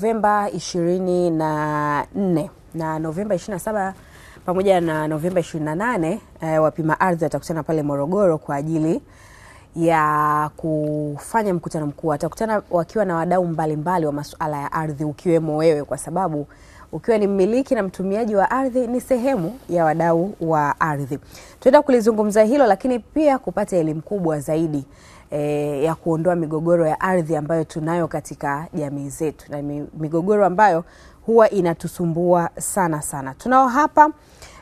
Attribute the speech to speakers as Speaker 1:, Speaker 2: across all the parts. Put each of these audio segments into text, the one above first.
Speaker 1: Novemba 24 na Novemba 27 pamoja na Novemba 28 eh, wapima ardhi watakutana pale Morogoro kwa ajili ya kufanya mkutano mkuu. Watakutana wakiwa na wadau mbalimbali wa masuala ya ardhi, ukiwemo wewe, kwa sababu ukiwa ni mmiliki na mtumiaji wa ardhi ni sehemu ya wadau wa ardhi. Tuenda kulizungumza hilo, lakini pia kupata elimu kubwa zaidi e, ya kuondoa migogoro ya ardhi ambayo tunayo katika jamii zetu na migogoro ambayo huwa inatusumbua sana sana. Tunao hapa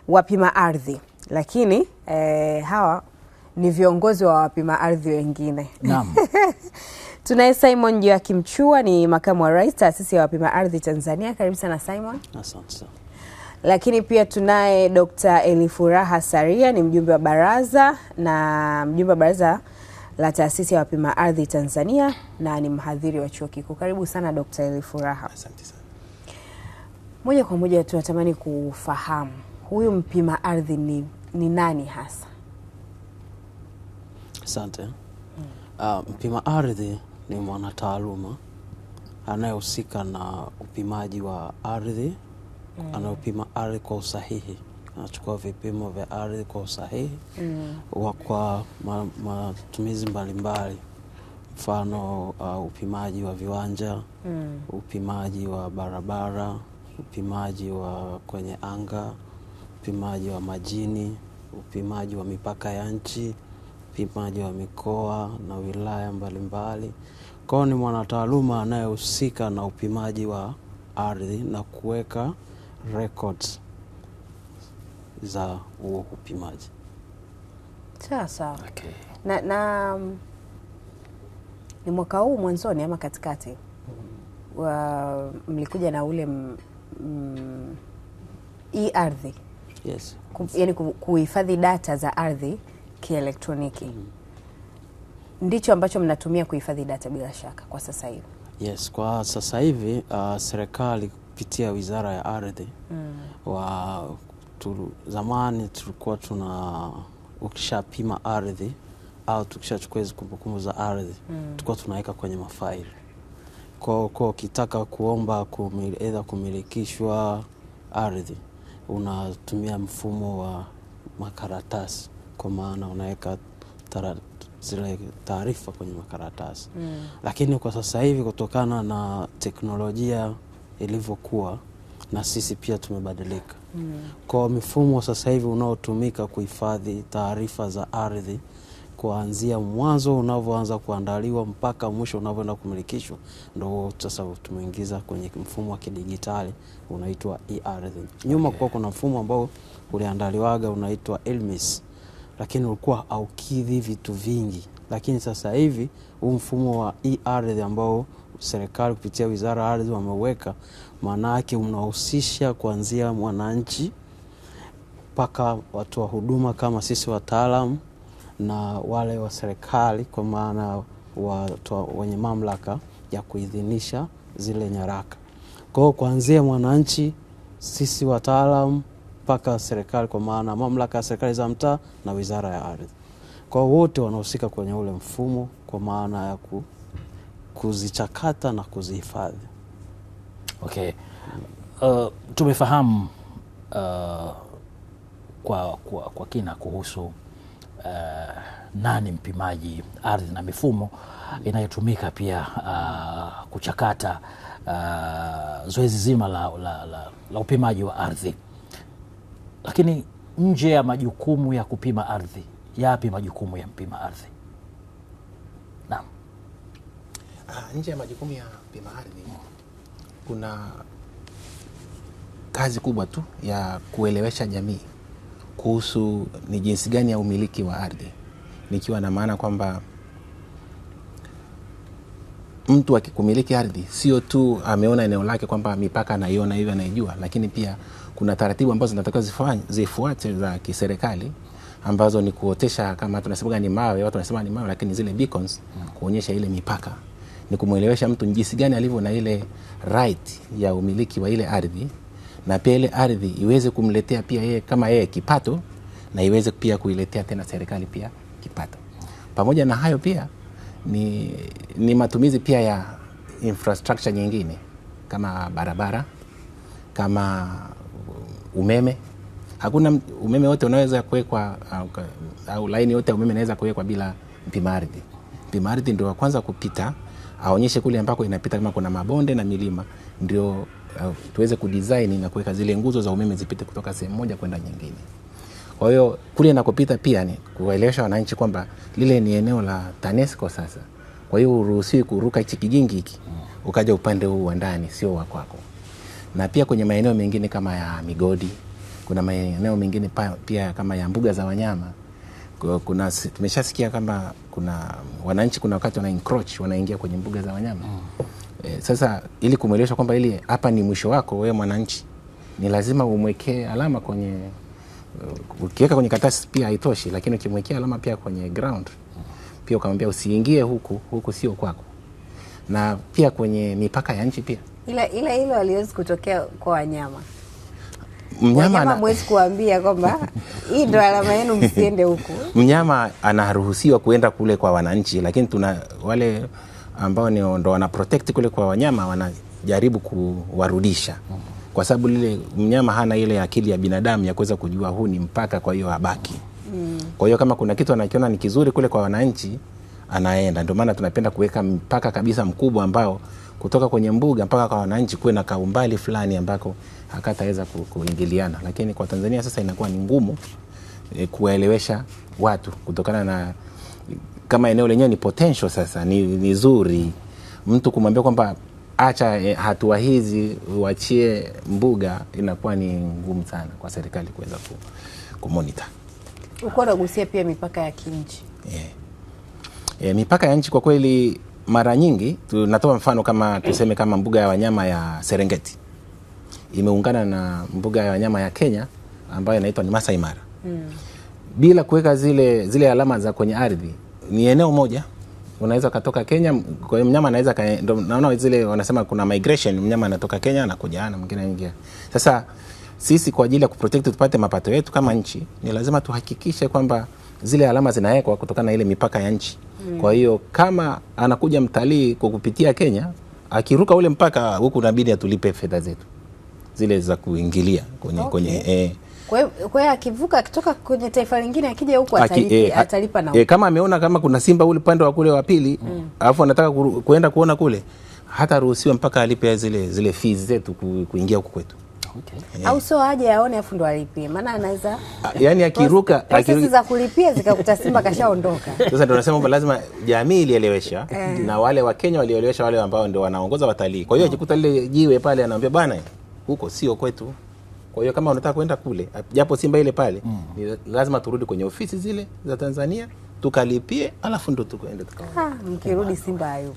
Speaker 1: wapima ardhi lakini e, hawa ni viongozi wa wapima ardhi wengine.
Speaker 2: Naam.
Speaker 1: Tunaye Simon Joakim Chua ni makamu wa rais taasisi ya wapima ardhi Tanzania. Karibu sana Simon. Asante sana. Lakini pia tunaye Dr. Elifuraha Saria ni mjumbe wa baraza na mjumbe wa baraza la Taasisi ya Wapima Ardhi Tanzania na ni mhadhiri wa chuo kikuu. Karibu sana Dkt. Eli Furaha. Asante sana. Moja kwa moja tunatamani kufahamu huyu mpima ardhi ni, ni nani hasa?
Speaker 2: Asante. Uh, mpima ardhi ni mwanataaluma anayehusika na upimaji wa ardhi, mm. anayopima ardhi kwa usahihi anachukua vipimo vya ardhi kwa usahihi mm. wa kwa matumizi ma, mbalimbali mfano uh, upimaji wa viwanja mm. upimaji wa barabara, upimaji wa kwenye anga, upimaji wa majini, upimaji wa mipaka ya nchi, upimaji wa mikoa na wilaya mbalimbali. Kwao ni mwanataaluma anayehusika na upimaji wa ardhi na kuweka records za huo upimaji.
Speaker 1: Sawa sawa. Okay. Na, na mm, ni mwaka huu mwanzoni ama katikati mm-hmm. wa, mlikuja na ule hii mm, mm, ardhi yes. Ku, yani kuhifadhi data za ardhi kielektroniki mm. Ndicho ambacho mnatumia kuhifadhi data bila shaka kwa sasa hivi?
Speaker 2: Yes, kwa sasa hivi uh, serikali kupitia Wizara ya Ardhi mm. wa tu, zamani tulikuwa tuna ukishapima ardhi au tukishachukua hizi kumbukumbu za ardhi mm. tulikuwa tunaweka kwenye mafaili kwa kwa ukitaka kuomba aidha kumilikishwa ardhi unatumia mfumo wa makaratasi, kwa maana unaweka zile taarifa kwenye makaratasi mm. Lakini kwa sasa hivi kutokana na teknolojia ilivyokuwa na sisi pia tumebadilika mm. Kwa mifumo sasa hivi unaotumika kuhifadhi taarifa za ardhi kuanzia mwanzo unavyoanza kuandaliwa mpaka mwisho unavyoenda kumilikishwa, ndo sasa tumeingiza kwenye mfumo wa kidigitali unaitwa e-ardhi. Nyuma okay. Kuwa kuna mfumo ambao uliandaliwaga unaitwa lakini ulikuwa haukidhi vitu vingi lakini sasa hivi huu mfumo wa e-ardhi ambao serikali kupitia wizara ya ardhi wameweka, maana yake unahusisha kuanzia mwananchi mpaka watu wa huduma kama sisi wataalamu na wale wa serikali, kwa maana watu wenye mamlaka ya kuidhinisha zile nyaraka. Kwa hiyo kuanzia mwananchi, sisi wataalamu mpaka serikali, kwa maana mamlaka ya serikali za mtaa na wizara ya ardhi kwa wote wanaohusika kwenye ule mfumo, kwa maana ya ku, kuzichakata na kuzihifadhi. Okay. Uh, tumefahamu uh, kwa, kwa, kwa kina kuhusu uh, nani mpimaji ardhi na mifumo inayotumika pia uh, kuchakata uh, zoezi zima la, la, la, la upimaji wa ardhi, lakini nje ya majukumu ya kupima ardhi yapi majukumu ya mpima ardhi? Naam.
Speaker 3: Ah, nje ya majukumu ya mpima ardhi kuna kazi kubwa tu ya kuelewesha jamii kuhusu ni jinsi gani ya umiliki wa ardhi, nikiwa na maana kwamba mtu akikumiliki ardhi sio tu ameona eneo lake kwamba mipaka anaiona hivyo anaijua, lakini pia kuna taratibu ambazo zinatakiwa zifuate za kiserikali ambazo ni kuotesha kama tunasema ni mawe, watu wanasema ni mawe, lakini zile beacons mm. kuonyesha ile mipaka, ni kumwelewesha mtu jinsi gani alivyo na ile right ya umiliki wa ile ardhi, na pia ile ardhi iweze kumletea pia yeye kama yeye kipato, na iweze pia kuiletea tena serikali pia kipato. Pamoja na hayo pia ni, ni matumizi pia ya infrastructure nyingine kama barabara, kama umeme hakuna umeme wote unaweza kuwekwa au, au laini yote ya umeme inaweza kuwekwa bila mpima ardhi. Mpima ardhi ndio wa kwanza kupita, aonyeshe kule ambako inapita kama kuna mabonde na milima, ndio uh, tuweze kudesign na kuweka zile nguzo za umeme zipite kutoka sehemu moja kwenda nyingine. Kwa hiyo kule inakopita pia ni kuwaelewesha wananchi kwamba lile ni eneo la TANESCO sasa. Kwa hiyo uruhusiwi kuruka hichi kijingi hiki ukaja upande huu wa ndani, sio wa kwako. Na pia kwenye maeneo mengine kama ya migodi kuna maeneo mengine pia kama ya mbuga za wanyama kuna tumeshasikia kama kuna wananchi kuna wakati wana encroach wanaingia kwenye mbuga za wanyama mm. E, sasa ili kumwelewesha kwamba ili hapa ni mwisho wako wewe mwananchi, ni lazima umwekee alama kwenye uh, ukiweka kwenye karatasi pia haitoshi, lakini ukimwekea alama pia kwenye ground pia ukamwambia usiingie huku, huku sio kwako, na pia kwenye mipaka ya nchi pia.
Speaker 1: Ila ila hilo haliwezi kutokea kwa wanyama mnyama ana... mwezi kuambia kwamba hii ndo alama yenu, msiende huku.
Speaker 3: Mnyama anaruhusiwa kuenda kule kwa wananchi, lakini tuna wale ambao ni ndo wana protect kule kwa wanyama, wanajaribu kuwarudisha kwa sababu lile mnyama hana ile akili ya binadamu ya kuweza kujua huu ni mpaka, kwa hiyo abaki. Mm. Kwa hiyo kama kuna kitu anakiona ni kizuri kule kwa wananchi anaenda. Ndio maana tunapenda kuweka mpaka kabisa mkubwa ambao kutoka kwenye mbuga mpaka kwa wananchi kuwe na kaumbali fulani ambako hakataweza kuingiliana, lakini kwa Tanzania sasa inakuwa ni ngumu e, kuwaelewesha watu kutokana na kama eneo lenyewe ni potential sasa ni, ni zuri, mtu kumwambia kwamba acha e, hatua hizi uachie mbuga inakuwa ni ngumu sana kwa serikali kuweza kumonita.
Speaker 1: Ulikuwa unagusia pia mipaka ya kinchi. E,
Speaker 3: e, mipaka ya nchi kwa kweli mara nyingi tunatoa mfano kama tuseme kama mbuga ya wanyama ya Serengeti imeungana na mbuga ya wanyama ya Kenya ambayo inaitwa ni Masai Mara mm. bila kuweka zile, zile alama za kwenye ardhi, ni eneo moja unaweza ukatoka Kenya, kwa hiyo mnyama anaweza naona zile wanasema kuna migration, mnyama anatoka Kenya anakuja na mwingine anaingia. Sasa sisi kwa ajili ya kuprotect tupate mapato yetu kama nchi, ni lazima tuhakikishe kwamba zile alama zinawekwa kutokana na ile mipaka ya nchi mm. Kwa hiyo kama anakuja mtalii kwa kupitia Kenya akiruka ule mpaka huku, nabidi atulipe fedha zetu zile za kuingilia kwenye, okay. kwenye eh,
Speaker 1: kwa hiyo akivuka akitoka kwenye taifa lingine akija huku atalipa, eh, e, atalipa
Speaker 3: na e, kama ameona kama kuna simba ule upande wa kule wa pili mm. alafu mm. anataka kuenda kuona kule hata ruhusiwe mpaka alipe zile zile fees zetu kuingia huku kwetu
Speaker 1: okay. Yeah. Au sio aje aone afu ndo alipie, maana anaweza ah, yani akiruka akiruka za kulipia zikakuta Simba kashaondoka.
Speaker 3: Sasa ndo nasema kwamba lazima jamii ilielewesha eh. na wale wa Kenya walielewesha wale ambao ndio wanaongoza watalii. Kwa hiyo no. Mm. akikuta lile jiwe pale anamwambia bana, huko sio kwetu kwa hiyo kama unataka kwenda kule japo Simba ile pale mm. ni lazima turudi kwenye ofisi zile za Tanzania tukalipie, alafu ndo tukaenda tukaona.
Speaker 1: Ah, mkirudi eh. Simba hayo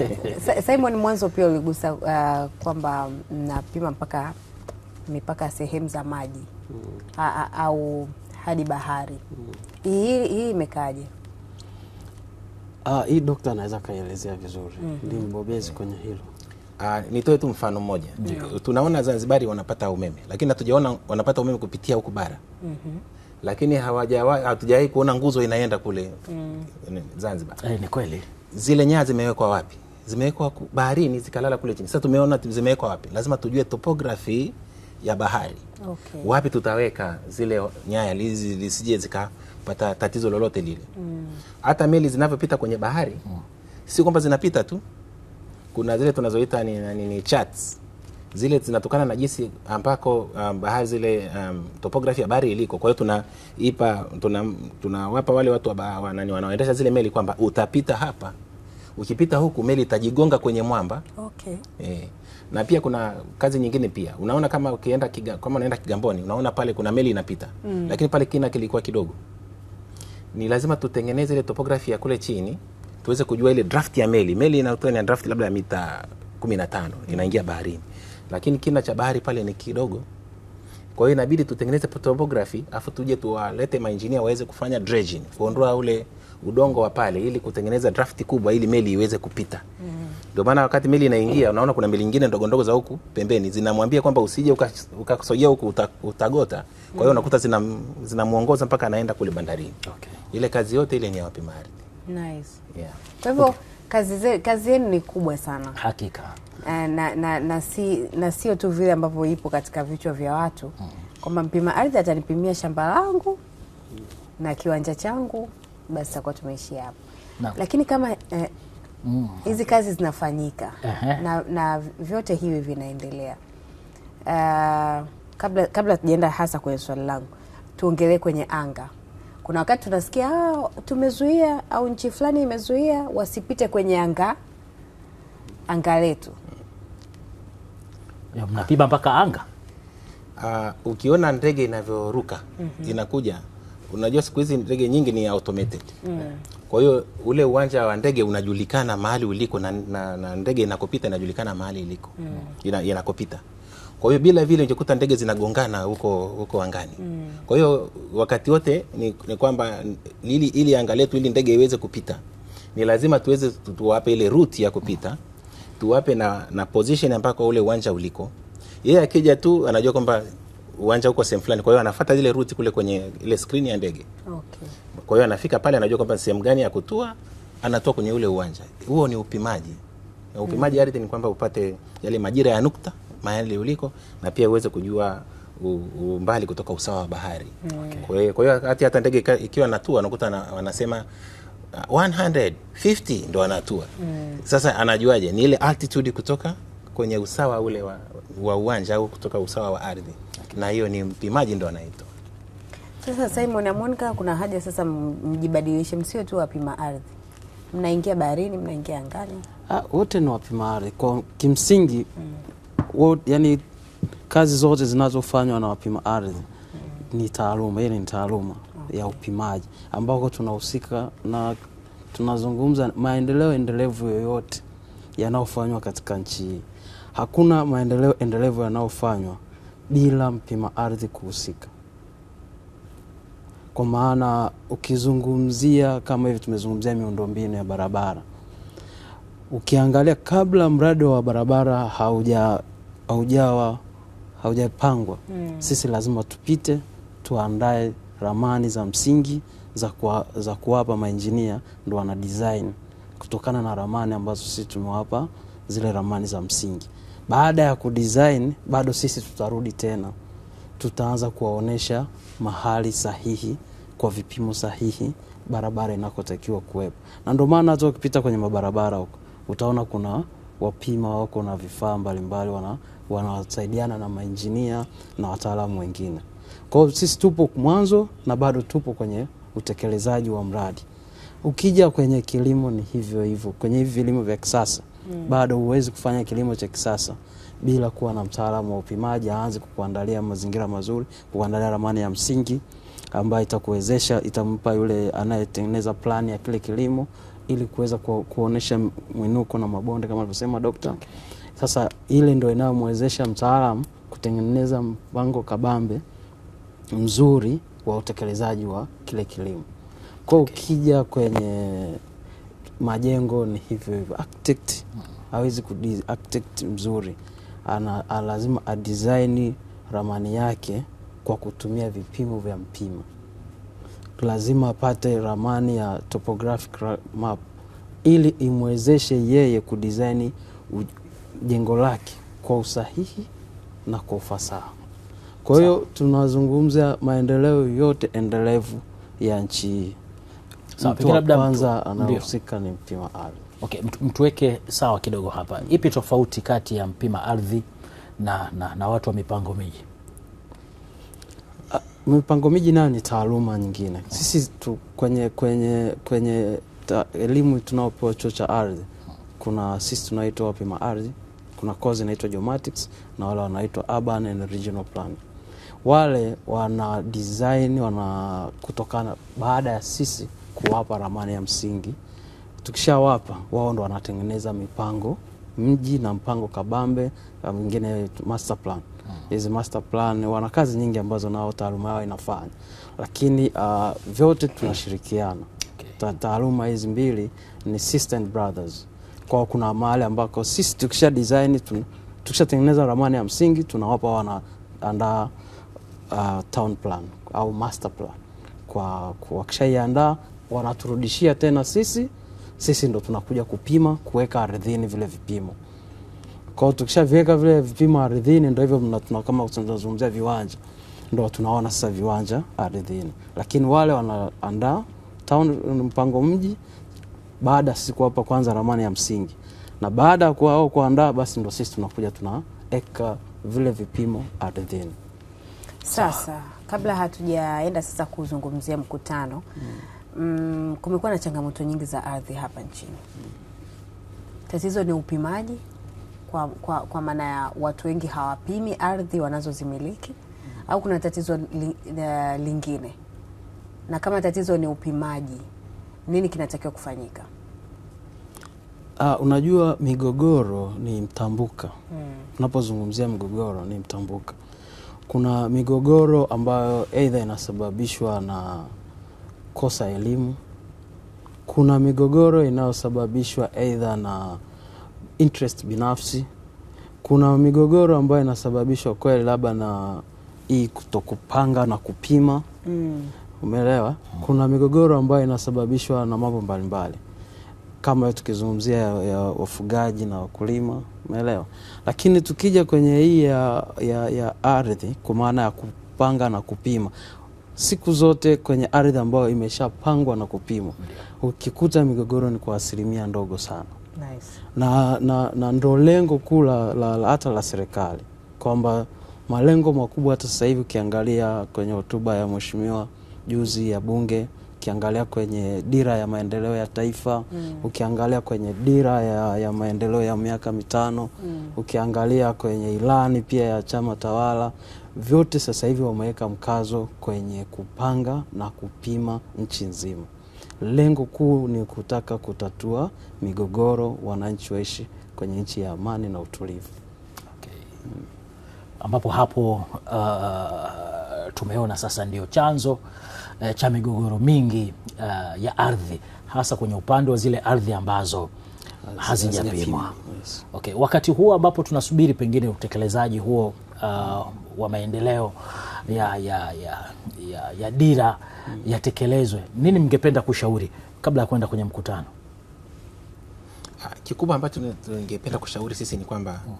Speaker 1: Simon, mwanzo pia uligusa uh, kwamba mnapima mpaka mipaka sehemu za maji mm. a, a, au hadi bahari mm. hii hii imekaje?
Speaker 2: Ah, hii dokta anaweza akaelezea vizuri mm-hmm. mm -hmm. Ni mbobezi kwenye hilo.
Speaker 3: Uh, nitoe tu mfano mmoja yeah. Tunaona Zanzibari wanapata umeme lakini hatujaona wanapata umeme kupitia huku bara mm -hmm. Lakini hawajawahi hatujawahi kuona nguzo inaenda kule mm. Zanzibar. Ay, eh, ni kweli zile nyaya zimewekwa wapi? Zimewekwa baharini zikalala kule chini. Sasa tumeona zimewekwa wapi? Lazima tujue topography ya bahari okay. Wapi tutaweka zile nyaya lisije zikapata tatizo lolote lile mm. Hata meli zinavyopita kwenye bahari mm. si kwamba zinapita tu, kuna zile tunazoita ni, ni, ni charts zile zinatokana na jinsi ambako um, bahari zile um, topography ya bahari iliko. Kwa hiyo tunaipa tunawapa tuna wale watu wa, wanani wanaoendesha zile meli kwamba utapita hapa ukipita huku meli itajigonga kwenye mwamba
Speaker 1: okay. E,
Speaker 3: na pia kuna kazi nyingine pia unaona kama ukienda kiga, kama unaenda Kigamboni unaona pale kuna meli inapita mm. Lakini pale kina kilikuwa kidogo, ni lazima tutengeneze ile topography ya kule chini tuweze kujua ile draft ya meli. Meli inatoa ni draft labda ya mita 15 inaingia baharini, lakini kina cha bahari pale ni kidogo kwa hiyo inabidi tutengeneze topography afu tuje tuwalete mainjinia waweze kufanya dredging, kuondoa ule udongo wa pale ili kutengeneza drafti kubwa ili meli iweze kupita. Mm-hmm. Ndio mm. maana wakati meli inaingia unaona kuna meli nyingine ndogo ndogo za huku pembeni zinamwambia kwamba usije ukasogea huku utagota. Kwa hiyo mm-hmm. unakuta zinamuongoza zina mpaka anaenda kule bandarini. Okay. Ile kazi yote ile ni ya wapima ardhi.
Speaker 1: Nice. Yeah. Kwa hivyo okay. Kazi, kazi yenu ni kubwa sana hakika. Eh, na, na, na, si, na sio tu vile ambavyo ipo katika vichwa vya watu kwamba mpima ardhi atanipimia shamba langu na kiwanja changu, basi takuwa tumeishia hapo. no. Lakini kama hizi eh, mm. kazi zinafanyika uh -huh. na, na vyote hivi vinaendelea. Uh, kabla kabla tujaenda hasa kwenye swali langu, tuongelee kwenye anga. Kuna wakati tunasikia ah, tumezuia au nchi fulani imezuia wasipite kwenye anga anga letu
Speaker 2: mnapima mpaka anga.
Speaker 3: Uh, ukiona ndege inavyoruka mm -hmm. inakuja, unajua siku hizi ndege nyingi ni automated mm -hmm. kwa hiyo ule uwanja wa ndege unajulikana mahali uliko na, na, na ndege inakopita inajulikana mahali iliko mm -hmm. ina, inakopita kwa hiyo bila vile ungekuta ndege zinagongana huko huko angani mm. Kwa hiyo wakati wote ni, ni kwamba ili, ili anga letu ili ndege iweze kupita ni lazima tuweze tuwape ile ruti ya kupita mm tuwape na, na position ambako ule uwanja uliko. Yeye akija tu anajua kwamba uwanja uko sehemu fulani, kwa hiyo anafuata zile ruti kule kwenye ile screen ya ndege okay. Kwa hiyo anafika pale anajua kwamba sehemu gani ya kutua, anatua kwenye ule uwanja huo. Ni upimaji na upimaji mm. ardhi ni kwamba upate yale majira ya nukta mahali uliko, na pia uweze kujua umbali kutoka usawa wa bahari okay. Mm. Kwa hiyo hata ndege ikiwa natua nakuta wanasema 150 uh, ndo anatua mm. Sasa anajuaje? Ni ile altitude kutoka kwenye usawa ule wa, wa uwanja au kutoka usawa wa ardhi okay. Na hiyo ni mpimaji ndo anaitoa.
Speaker 1: Sasa Simon and Monica, kuna haja sasa mjibadilishe, msio tu wapima ardhi, mnaingia baharini, mnaingia angani,
Speaker 2: ah, wote ni wapima ardhi kwa kimsingi mm. wo, yani kazi zote zinazofanywa na wapima ardhi mm. ni taaluma, yani ni taaluma ya upimaji ambako tunahusika na tunazungumza maendeleo endelevu yoyote yanayofanywa katika nchi hii. Hakuna maendeleo endelevu yanayofanywa bila mpima ardhi kuhusika. Kwa maana ukizungumzia kama hivi, tumezungumzia miundombinu ya barabara, ukiangalia kabla mradi wa barabara hauja haujawa haujapangwa mm, sisi lazima tupite tuandae ramani za msingi za, kwa, za kuwapa mainjinia ndo wana design kutokana na ramani ambazo sisi tumewapa zile ramani za msingi. Baada ya kudesign, bado sisi tutarudi tena, tutaanza kuwaonyesha mahali sahihi kwa vipimo sahihi barabara inakotakiwa kuwepo, na ndio maana hata ukipita kwenye mabarabara huko utaona kuna wapima wako na vifaa mbalimbali, wanawasaidiana wana na mainjinia na wataalamu wengine. Kwa hiyo sisi tupo mwanzo na bado tupo kwenye utekelezaji wa mradi. Ukija kwenye kilimo ni hivyo hivyo, kwenye hivi vilimo vya kisasa mm. bado huwezi kufanya kilimo cha kisasa bila kuwa na mtaalamu wa upimaji aanze kukuandalia mazingira mazuri, kukuandalia ramani ya msingi ambayo itakuwezesha, itampa yule anayetengeneza plani ya kile kilimo ili kuweza kuonesha mwinuko na mabonde kama alivyosema dokta. Sasa ile ndio inayomwezesha mtaalamu kutengeneza mpango kabambe mzuri wa utekelezaji wa kile kilimo. Kwa okay. Ukija kwenye majengo ni hivyo hivyo, architect hawezi ku architect mzuri ana, lazima design ramani yake kwa kutumia vipimo vya mpima. Lazima apate ramani ya topographic map ili imwezeshe yeye kudisaini jengo lake kwa usahihi na kwa ufasaha. Kwa hiyo tunazungumza maendeleo yote endelevu ya nchi hii. Kwanza anahusika ni mpima ardhi. Okay, mtuweke sawa kidogo hapa. Ipi tofauti kati ya mpima ardhi na, na, na watu wa mipango miji? Ah, mipango miji nayo ni taaluma nyingine. Sisi tu kwenye, kwenye, kwenye ta, elimu tunaopewa chuo cha ardhi, kuna sisi tunaitwa wapima ardhi, kuna kozi inaitwa geomatics na wale wanaitwa urban and regional planning wale wana design wana kutokana, baada ya sisi kuwapa ramani ya msingi, tukishawapa wao ndo wanatengeneza mipango mji na mpango kabambe mwingine master plan. Hmm. Hizi master plan wana kazi nyingi ambazo nao taaluma yao inafanya, lakini uh, vyote tunashirikiana okay. Taaluma hizi mbili ni sister and brothers, kwa kuna mahali ambako sisi tukisha design tukishatengeneza ramani ya msingi tunawapa wanaandaa uh, town plan au master plan. Kwa wakishaiandaa wanaturudishia tena sisi, sisi ndo tunakuja kupima kuweka ardhini vile vipimo. Kwa hiyo tukishaviweka vile vipimo ardhini, ndo hivyo kama tunazungumzia viwanja, ndo tunaona sasa viwanja ardhini, lakini wale wanaandaa town mpango mji baada sisi kuwapa kwanza ramani ya msingi, na baada ya kuandaa basi ndo sisi tunakuja tunaeka vile vipimo ardhini.
Speaker 1: Sasa kabla hatujaenda sasa kuzungumzia mkutano mm. Mm, kumekuwa na changamoto nyingi za ardhi hapa nchini mm. Tatizo ni upimaji kwa, kwa, kwa maana ya watu wengi hawapimi ardhi wanazozimiliki mm. Au kuna tatizo li, uh, lingine? Na kama tatizo ni upimaji, nini kinatakiwa kufanyika?
Speaker 2: Uh, unajua migogoro ni mtambuka mm. Unapozungumzia migogoro ni mtambuka kuna migogoro ambayo aidha inasababishwa na kosa elimu. Kuna migogoro inayosababishwa aidha na interest binafsi. Kuna migogoro ambayo inasababishwa kweli labda na hii kutokupanga na kupima mm. Umeelewa? Kuna migogoro ambayo inasababishwa na mambo mbalimbali kama tukizungumzia ya, ya wafugaji na wakulima, umeelewa. Lakini tukija kwenye hii ya, ya, ya ardhi kwa maana ya kupanga na kupima siku zote kwenye ardhi ambayo imeshapangwa na kupimwa ukikuta migogoro ni kwa asilimia ndogo sana. Nice. Na, na, na ndo lengo kuu la, la, hata la serikali kwamba malengo makubwa hata sasa hivi ukiangalia kwenye hotuba ya mheshimiwa juzi ya Bunge ukiangalia kwenye dira ya maendeleo ya taifa mm. ukiangalia kwenye dira ya, ya maendeleo ya miaka mitano mm. ukiangalia kwenye ilani pia ya chama tawala vyote sasa hivi wameweka mkazo kwenye kupanga na kupima nchi nzima. Lengo kuu ni kutaka kutatua migogoro, wananchi waishi kwenye nchi ya amani na utulivu. Okay. Mm. ambapo hapo uh, tumeona sasa ndio chanzo eh, cha migogoro mingi uh, ya ardhi hasa kwenye upande wa zile ardhi ambazo ah, hazijapimwa. Yes. Okay. Wakati huo ambapo tunasubiri pengine utekelezaji huo uh, wa maendeleo ya, ya, ya, ya, ya dira hmm. yatekelezwe, nini mngependa kushauri kabla ya kwenda kwenye mkutano?
Speaker 3: Ah, kikubwa ambacho tungependa kushauri sisi ni kwamba hmm.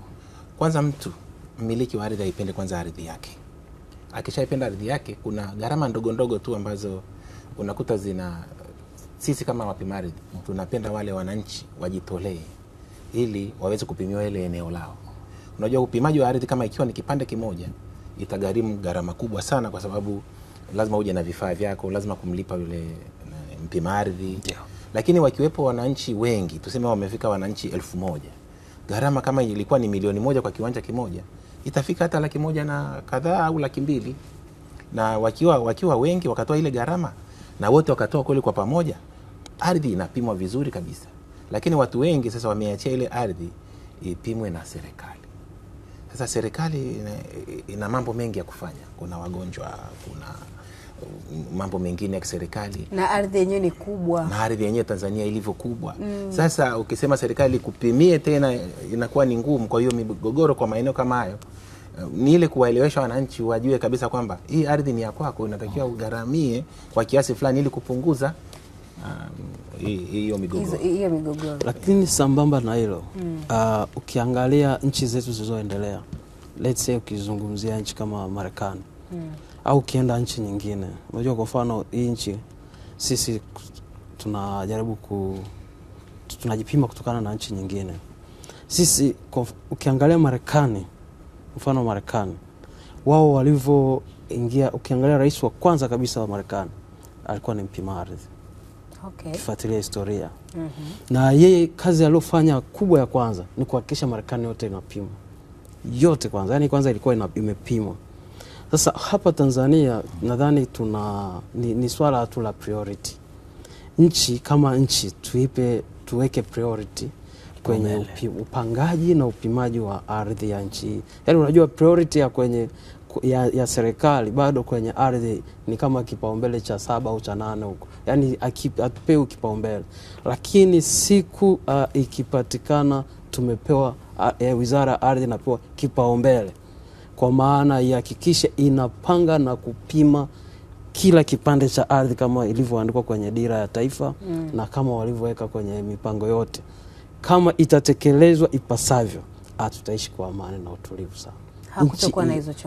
Speaker 3: kwanza, mtu mmiliki wa ardhi aipende kwanza ardhi yake akishaipenda ardhi yake, kuna gharama ndogo ndogo tu ambazo unakuta zina sisi kama wapima ardhi tunapenda wale wananchi wajitolee ili waweze kupimiwa ile eneo lao. Unajua, upimaji wa ardhi kama ikiwa ni kipande kimoja itagharimu gharama kubwa sana, kwa sababu lazima uje na vifaa vyako, lazima kumlipa yule eh, mpima ardhi yeah. Lakini wakiwepo wananchi wengi, tuseme wamefika wananchi elfu moja, gharama kama ilikuwa ni milioni moja kwa kiwanja kimoja itafika hata laki moja na kadhaa au laki mbili na wakiwa, wakiwa wengi wakatoa ile gharama na wote wakatoa kweli kwa pamoja, ardhi inapimwa vizuri kabisa. Lakini watu wengi sasa wameachia ile ardhi ipimwe na serikali. Sasa serikali ina, ina mambo mengi ya kufanya. Kuna wagonjwa, kuna mambo mengine ya kiserikali,
Speaker 1: na ardhi yenyewe ni kubwa,
Speaker 3: na ardhi yenyewe Tanzania ilivyo kubwa mm. Sasa ukisema serikali kupimie tena inakuwa ni ngumu. Kwa hiyo migogoro kwa maeneo kama hayo eh, ni ile kuwaelewesha wananchi wajue kabisa kwamba hii ardhi ni ya kwako, inatakiwa oh. ugharamie kwa kiasi fulani ili kupunguza um, hiyo um, migogoro. Migogoro
Speaker 2: lakini sambamba na hilo mm. uh, ukiangalia nchi zetu zilizoendelea let's say ukizungumzia nchi kama Marekani mm au ukienda nchi nyingine, unajua kwa mfano hii nchi sisi tunajaribu ku tunajipima kutokana na nchi nyingine. Sisi ukiangalia Marekani, mfano Marekani wao walivyoingia, ukiangalia rais wa kwanza kabisa wa Marekani alikuwa ni mpima ardhi okay. Kifuatilia historia mm -hmm. na yeye kazi aliyofanya kubwa ya kwanza ni kuhakikisha Marekani yote inapimwa yote kwanza, yani kwanza ilikuwa imepimwa sasa hapa Tanzania nadhani tuna ni, ni swala tu la priority. Nchi kama nchi tuipe, tuweke priority kwenye upi, upangaji na upimaji wa ardhi ya nchi. Yaani unajua priority ya kwenye ya, ya serikali bado kwenye ardhi ni kama kipaumbele cha saba au cha nane huko, yaani hatupewi kipaumbele, lakini siku uh, ikipatikana tumepewa uh, wizara ya ardhi inapewa kipaumbele kwa maana ihakikishe inapanga na kupima kila kipande cha ardhi kama ilivyoandikwa kwenye dira ya taifa mm. na kama walivyoweka kwenye mipango yote. Kama itatekelezwa ipasavyo, hatutaishi kwa amani na utulivu sana.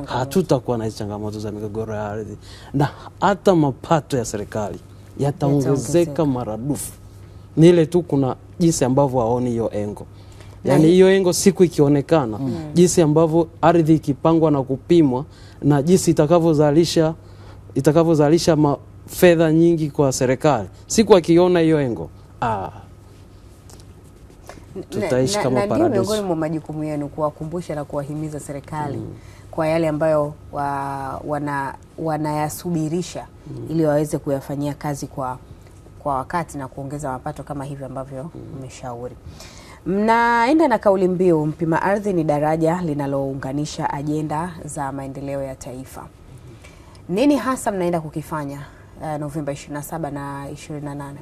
Speaker 2: Hatutakuwa na hizo changamoto za migogoro ya ardhi, na hata mapato ya serikali yataongezeka maradufu. Ni ile tu kuna jinsi ambavyo waoni hiyo engo yani hiyo engo siku ikionekana mm. jinsi ambavyo ardhi ikipangwa na kupimwa na jinsi itakavyozalisha itakavyozalisha fedha nyingi kwa serikali, siku akiona hiyo engo ah,
Speaker 1: tutaishi kama paradiso. Miongoni mwa majukumu yenu kuwakumbusha na kuwahimiza serikali mm. kwa yale ambayo wa, wana, wanayasubirisha mm. ili waweze kuyafanyia kazi kwa, kwa wakati na kuongeza mapato kama hivyo ambavyo mm. mmeshauri mm. Mnaenda na kauli mbiu mpima ardhi ni daraja linalounganisha ajenda za maendeleo ya taifa. Nini hasa mnaenda kukifanya uh, Novemba 27 na 28?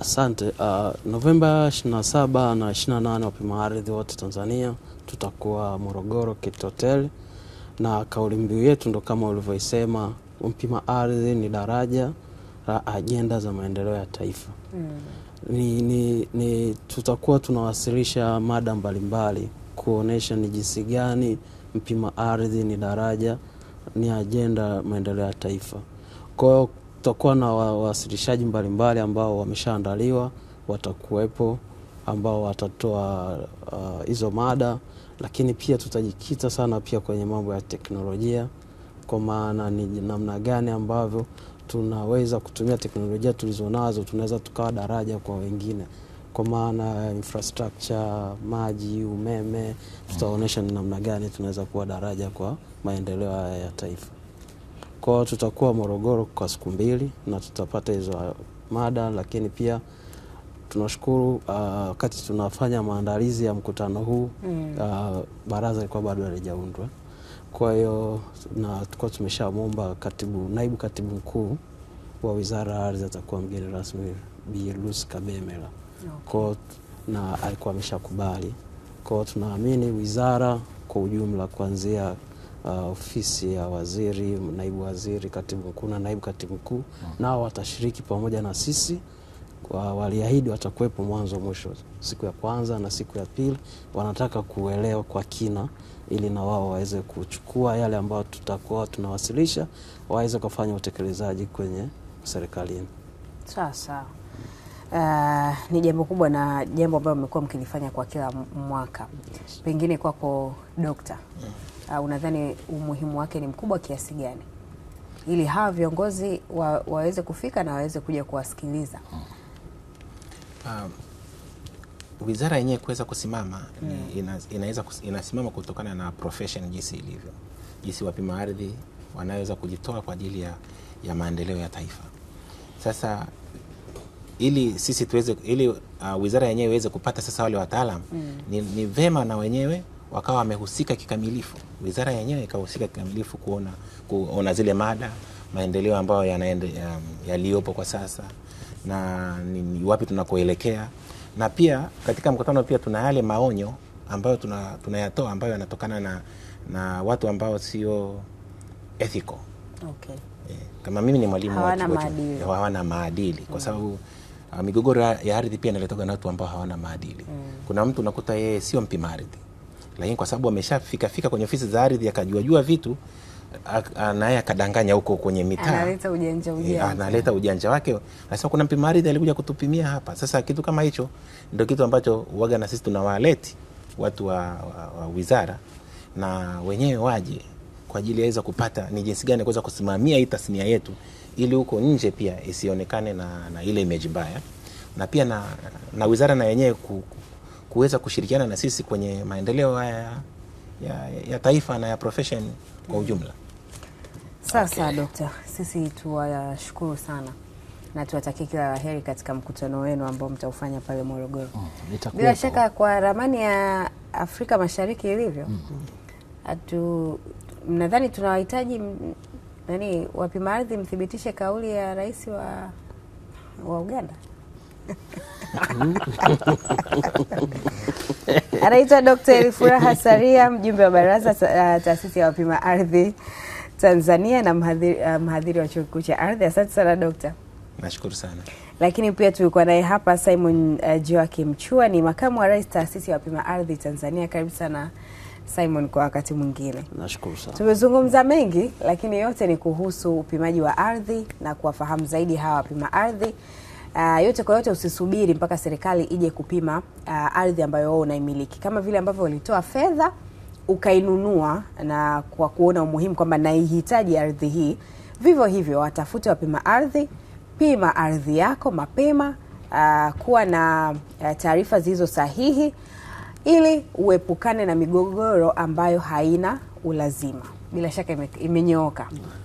Speaker 2: Asante. Uh, Novemba 27 na 28 wapima ardhi wote Tanzania tutakuwa Morogoro Kit Hotel, na kauli mbiu yetu ndo kama ulivyoisema, mpima ardhi ni daraja la ajenda za maendeleo ya taifa mm ni, ni, ni tutakuwa tunawasilisha mada mbalimbali kuonesha ni jinsi gani mpima ardhi ni daraja ni ajenda maendeleo ya taifa. Kwa hiyo tutakuwa na wawasilishaji mbalimbali ambao wameshaandaliwa watakuwepo, ambao watatoa uh, hizo uh, mada, lakini pia tutajikita sana pia kwenye mambo ya teknolojia, kwa maana ni namna gani ambavyo tunaweza kutumia teknolojia tulizonazo, tunaweza tukawa daraja kwa wengine, kwa maana infrastructure, maji, umeme, tutaonyesha ni namna gani tunaweza kuwa daraja kwa maendeleo haya ya taifa. Kwao tutakuwa Morogoro kwa siku mbili na tutapata hizo mada, lakini pia tunashukuru ah, wakati uh, tunafanya maandalizi ya mkutano huu mm. uh, baraza ilikuwa bado halijaundwa kwa hiyo na tulikuwa tumeshamwomba katibu, naibu katibu mkuu wa Wizara ya Ardhi atakuwa mgeni rasmi Bi Lucy Kabemela okay. na alikuwa ameshakubali. Kwa hiyo tunaamini wizara kwa ujumla kuanzia uh, ofisi ya waziri, naibu waziri, katibu mkuu na naibu katibu mkuu okay. nao watashiriki pamoja na sisi waliahidi watakuwepo mwanzo mwisho, siku ya kwanza na siku ya pili. Wanataka kuelewa kwa kina, ili na wao waweze kuchukua yale ambayo tutakuwa tunawasilisha, waweze kufanya utekelezaji kwenye serikalini.
Speaker 1: sawa uh, ni jambo kubwa na jambo ambalo mmekuwa mkilifanya kwa kila mwaka. Pengine kwako Dokta, uh, unadhani umuhimu wake ni mkubwa kiasi gani ili hawa viongozi wa, waweze kufika na waweze kuja kuwasikiliza? Mm
Speaker 3: um, wizara yenyewe kuweza kusimama mm. inaweza inasimama kutokana na profession jinsi ilivyo, jinsi wapima ardhi wanaweza kujitoa kwa ajili ya, ya maendeleo ya taifa. Sasa ili sisi tuweze ili uh, wizara yenyewe iweze kupata sasa wale wataalam mm. ni, ni vema na wenyewe wakawa wamehusika kikamilifu, wizara yenyewe ikahusika kikamilifu kuona, kuona zile mada maendeleo ambayo um, yaliyopo ya kwa sasa na ni, ni wapi tunakoelekea, na pia katika mkutano pia tuna yale maonyo ambayo tunayatoa tuna ambayo yanatokana na, na watu ambao sio ethical
Speaker 1: okay. E, kama mimi ni mwalimu hawana maadili
Speaker 3: kwa mm. sababu uh, migogoro ya ardhi pia inaletoka na watu ambao hawana maadili mm. Kuna mtu unakuta yeye sio mpima ardhi, lakini kwa sababu ameshafikafika kwenye ofisi za ardhi akajuajua vitu naye akadanganya huko kwenye mitaa,
Speaker 1: analeta ujanja eh, ujanja, analeta ujanja wake,
Speaker 3: anasema kuna mpima ardhi alikuja kutupimia hapa. Sasa kitu kama hicho ndio kitu ambacho waga na sisi tunawaleti watu wa, wa, wa wizara na wenyewe waje kwa ajili yaweza kupata ni jinsi gani kuweza kusimamia hii tasnia yetu ili huko nje pia isionekane na, na ile image mbaya, na pia na, na wizara na yenyewe ku, kuweza kushirikiana na sisi kwenye maendeleo haya ya, ya taifa na ya profession kwa ujumla.
Speaker 1: Sasa okay. Dokta, sisi tuwashukuru sana na tuwatakie kila la heri katika mkutano wenu ambao mtaufanya pale Morogoro. Mm, bila shaka kwa ramani ya Afrika Mashariki ilivyo mm hatu -hmm. Nadhani tunawahitaji nani wapima ardhi mthibitishe kauli ya rais wa, wa Uganda anaitwa Dr. Elifuraha Saria, mjumbe wa baraza taasisi ya wapima ardhi Tanzania na mhadhiri, uh, mhadhiri wa chuo kikuu cha ardhi. Asante sana dokta.
Speaker 2: Nashukuru sana
Speaker 1: lakini pia tulikuwa naye hapa Simon uh, Joakim Mchua ni makamu wa rais taasisi ya wapima ardhi Tanzania. Karibu sana Simon kwa wakati mwingine. Nashukuru sana. Tumezungumza mengi, lakini yote ni kuhusu upimaji wa ardhi na kuwafahamu zaidi hawa wapima ardhi. Uh, yote kwa yote, usisubiri mpaka serikali ije kupima uh, ardhi ambayo wewe unaimiliki, kama vile ambavyo walitoa fedha ukainunua na kwa kuona umuhimu kwamba naihitaji ardhi hii. Vivyo hivyo, watafute wapima ardhi, pima ardhi yako mapema, uh, kuwa na uh, taarifa zilizo sahihi ili uepukane na migogoro ambayo haina ulazima. Bila shaka imenyooka ime